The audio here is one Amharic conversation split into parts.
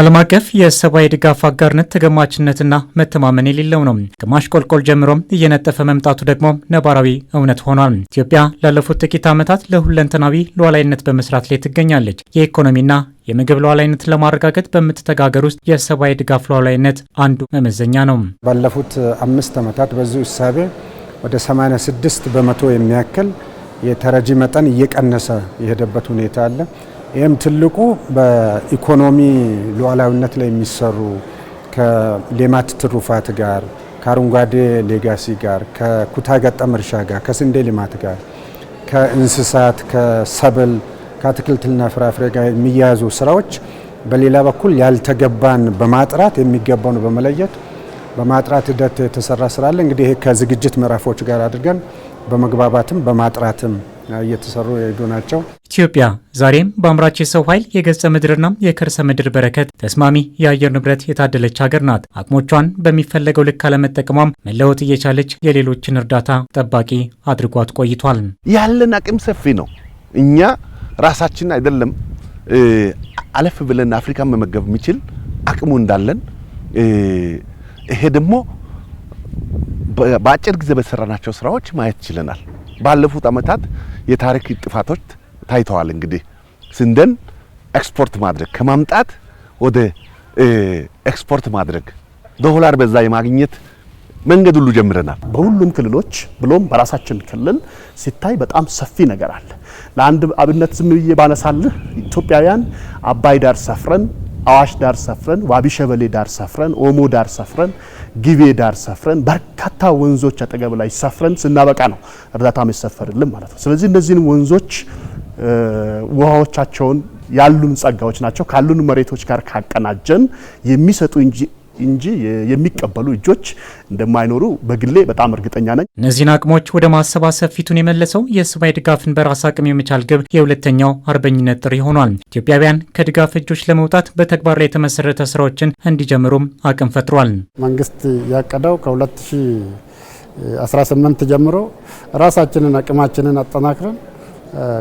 ዓለም አቀፍ የሰብአዊ ድጋፍ አጋርነት ተገማችነትና መተማመን የሌለው ነው። ከማሽቆልቆል ጀምሮም እየነጠፈ መምጣቱ ደግሞ ነባራዊ እውነት ሆኗል። ኢትዮጵያ ላለፉት ጥቂት ዓመታት ለሁለንተናዊ ሉዓላዊነት በመስራት ላይ ትገኛለች። የኢኮኖሚና የምግብ ሉዓላዊነት ለማረጋገጥ በምትተጋገር ውስጥ የሰብአዊ ድጋፍ ሉዓላዊነት አንዱ መመዘኛ ነው። ባለፉት አምስት ዓመታት በዚሁ እሳቤ ወደ 86 በመቶ የሚያክል የተረጂ መጠን እየቀነሰ የሄደበት ሁኔታ አለ። ይህም ትልቁ በኢኮኖሚ ሉዓላዊነት ላይ የሚሰሩ ከሌማት ትሩፋት ጋር ከአረንጓዴ ሌጋሲ ጋር ከኩታ ገጠም እርሻ ጋር ከስንዴ ልማት ጋር ከእንስሳት ከሰብል ከአትክልትና ፍራፍሬ ጋር የሚያያዙ ስራዎች በሌላ በኩል ያልተገባን በማጥራት የሚገባውን በመለየት በማጥራት ሂደት የተሰራ ስራ አለ። እንግዲህ ይሄ ከዝግጅት ምዕራፎች ጋር አድርገን በመግባባትም በማጥራትም እየተሰሩ የሄዱ ናቸው። ኢትዮጵያ ዛሬም በአምራች የሰው ኃይል የገጸ ምድርና የከርሰ ምድር በረከት ተስማሚ የአየር ንብረት የታደለች ሀገር ናት። አቅሞቿን በሚፈለገው ልክ አለመጠቀሟም መለወጥ እየቻለች የሌሎችን እርዳታ ጠባቂ አድርጓት ቆይቷል። ያለን አቅም ሰፊ ነው። እኛ ራሳችን አይደለም አለፍ ብለን አፍሪካን መመገብ የሚችል አቅሙ እንዳለን ይሄ ደግሞ በአጭር ጊዜ በሰራናቸው ስራዎች ማየት ችለናል። ባለፉት ዓመታት የታሪክ ጥፋቶች ታይተዋል። እንግዲህ ስንዴን ኤክስፖርት ማድረግ ከማምጣት ወደ ኤክስፖርት ማድረግ ዶላር በዛ የማግኘት መንገድ ሁሉ ጀምረናል። በሁሉም ክልሎች ብሎም በራሳችን ክልል ሲታይ በጣም ሰፊ ነገር አለ። ለአንድ አብነት ዝም ብዬ ባነሳልህ ኢትዮጵያውያን አባይ ዳር ሰፍረን፣ አዋሽ ዳር ሰፍረን፣ ዋቢ ሸበሌ ዳር ሰፍረን፣ ኦሞ ዳር ሰፍረን፣ ጊቤ ዳር ሰፍረን፣ በርካታ ወንዞች አጠገብ ላይ ሰፍረን ስናበቃ ነው እርዳታ መሰፈርልን ማለት ነው። ስለዚህ እነዚህን ወንዞች ውሃዎቻቸውን ያሉን ጸጋዎች ናቸው። ካሉን መሬቶች ጋር ካቀናጀን የሚሰጡ እንጂ እንጂ የሚቀበሉ እጆች እንደማይኖሩ በግሌ በጣም እርግጠኛ ነኝ። እነዚህን አቅሞች ወደ ማሰባሰብ ፊቱን የመለሰው የሰብአዊ ድጋፍን በራስ አቅም የመቻል ግብ የሁለተኛው አርበኝነት ጥሪ ሆኗል። ኢትዮጵያውያን ከድጋፍ እጆች ለመውጣት በተግባር ላይ የተመሰረተ ስራዎችን እንዲጀምሩም አቅም ፈጥሯል። መንግስት ያቀደው ከ2018 ጀምሮ ራሳችንን አቅማችንን አጠናክረን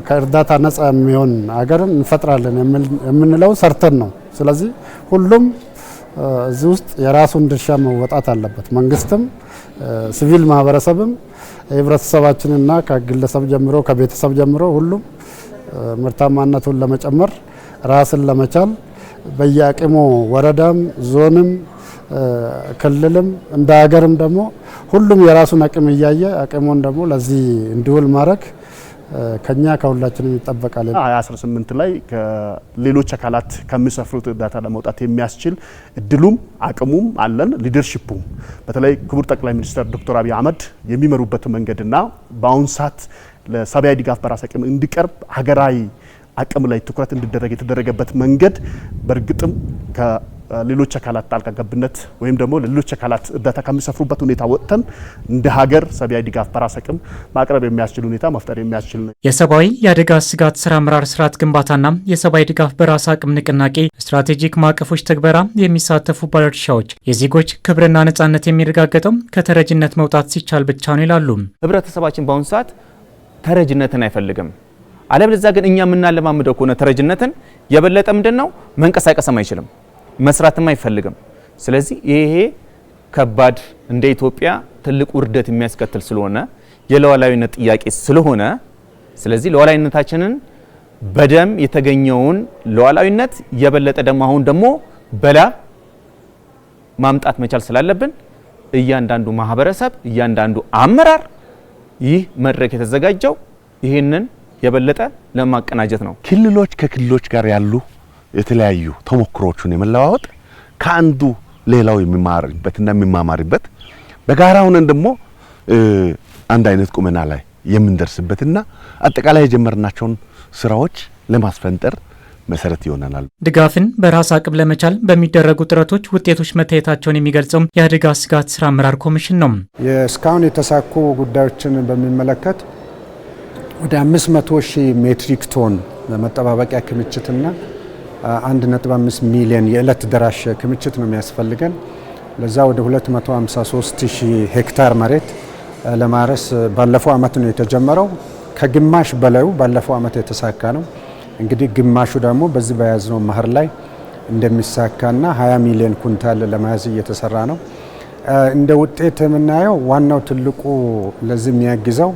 ከእርዳታ ነጻ የሚሆን ሀገርን እንፈጥራለን የምንለው ሰርተን ነው። ስለዚህ ሁሉም እዚህ ውስጥ የራሱን ድርሻ መወጣት አለበት። መንግስትም፣ ሲቪል ማህበረሰብም፣ የህብረተሰባችንና ከግለሰብ ጀምሮ ከቤተሰብ ጀምሮ ሁሉም ምርታማነቱን ለመጨመር ራስን ለመቻል በየአቅሙ ወረዳም፣ ዞንም፣ ክልልም እንደ ሀገርም ደግሞ ሁሉም የራሱን አቅም እያየ አቅሙን ደግሞ ለዚህ እንዲውል ማድረግ ከኛ ከሁላችንም ይጠበቃል። 18 ላይ ከሌሎች አካላት ከሚሰፍሩት እርዳታ ለመውጣት የሚያስችል እድሉም አቅሙም አለን። ሊደርሽፑም በተለይ ክቡር ጠቅላይ ሚኒስትር ዶክተር አብይ አህመድ የሚመሩበት መንገድና በአሁን ሰዓት ለሰብአዊ ድጋፍ በራስ አቅም እንዲቀርብ ሀገራዊ አቅም ላይ ትኩረት እንዲደረግ የተደረገበት መንገድ በእርግጥም ሌሎች አካላት ጣልቃ ገብነት ወይም ደግሞ ለሌሎች አካላት እርዳታ ከሚሰፍሩበት ሁኔታ ወጥተን እንደ ሀገር ሰብአዊ ድጋፍ በራስ አቅም ማቅረብ የሚያስችል ሁኔታ መፍጠር የሚያስችል ነው። የሰብአዊ የአደጋ ስጋት ስራ አመራር ስርዓት ግንባታና የሰብአዊ ድጋፍ በራስ አቅም ንቅናቄ ስትራቴጂክ ማዕቀፎች ተግበራ የሚሳተፉ ባለድርሻዎች የዜጎች ክብርና ነጻነት የሚረጋገጠው ከተረጅነት መውጣት ሲቻል ብቻ ነው ይላሉ። ህብረተሰባችን በአሁኑ ሰዓት ተረጅነትን አይፈልግም። አለበለዚያ ግን እኛ የምናለማምደው ከሆነ ተረጅነትን የበለጠ ምንድን ነው መንቀሳቀስም አይችልም። መስራትም አይፈልግም። ስለዚህ ይሄ ከባድ እንደ ኢትዮጵያ ትልቅ ውርደት የሚያስከትል ስለሆነ የሉዓላዊነት ጥያቄ ስለሆነ ስለዚህ ሉዓላዊነታችንን በደም የተገኘውን ሉዓላዊነት የበለጠ ደግሞ አሁን ደግሞ በላ ማምጣት መቻል ስላለብን እያንዳንዱ ማህበረሰብ፣ እያንዳንዱ አመራር ይህ መድረክ የተዘጋጀው ይህንን የበለጠ ለማቀናጀት ነው። ክልሎች ከክልሎች ጋር ያሉ የተለያዩ ተሞክሮዎቹን የመለዋወጥ ከአንዱ ሌላው የሚማርበትና የሚማማርበት በጋራ ሆነን ደግሞ አንድ አይነት ቁመና ላይ የምንደርስበትና አጠቃላይ የጀመርናቸውን ስራዎች ለማስፈንጠር መሰረት ይሆነናል። ድጋፍን በራስ አቅም ለመቻል በሚደረጉ ጥረቶች ውጤቶች መታየታቸውን የሚገልጸው የአደጋ ስጋት ስራ አመራር ኮሚሽን ነው። እስካሁን የተሳኩ ጉዳዮችን በሚመለከት ወደ 500 ሺህ ሜትሪክ ቶን በመጠባበቂያ ክምችትና 1.5 ሚሊዮን የዕለት ደራሽ ክምችት ነው የሚያስፈልገን። ለዛ ወደ 253000 ሄክታር መሬት ለማረስ ባለፈው ዓመት ነው የተጀመረው። ከግማሽ በላዩ ባለፈው ዓመት የተሳካ ነው። እንግዲህ ግማሹ ደግሞ በዚህ በያዝነው መኸር ላይ እንደሚሳካና 20 ሚሊዮን ኩንታል ለመያዝ እየተሰራ ነው። እንደ ውጤት የምናየው ዋናው ትልቁ ለዚህ የሚያግዘው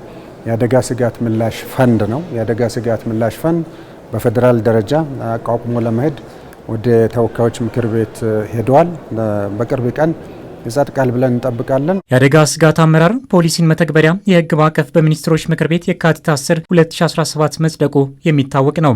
የአደጋ ስጋት ምላሽ ፈንድ ነው። የአደጋ ስጋት ምላሽ ፈንድ በፌዴራል ደረጃ አቋቁሞ ለመሄድ ወደ ተወካዮች ምክር ቤት ሄደዋል። በቅርብ ቀን ይጸድቃል ብለን እንጠብቃለን። የአደጋ ስጋት አመራር ፖሊሲን መተግበሪያ የህግ ማዕቀፍ በሚኒስትሮች ምክር ቤት የካቲት 10 2017 መጽደቁ የሚታወቅ ነው።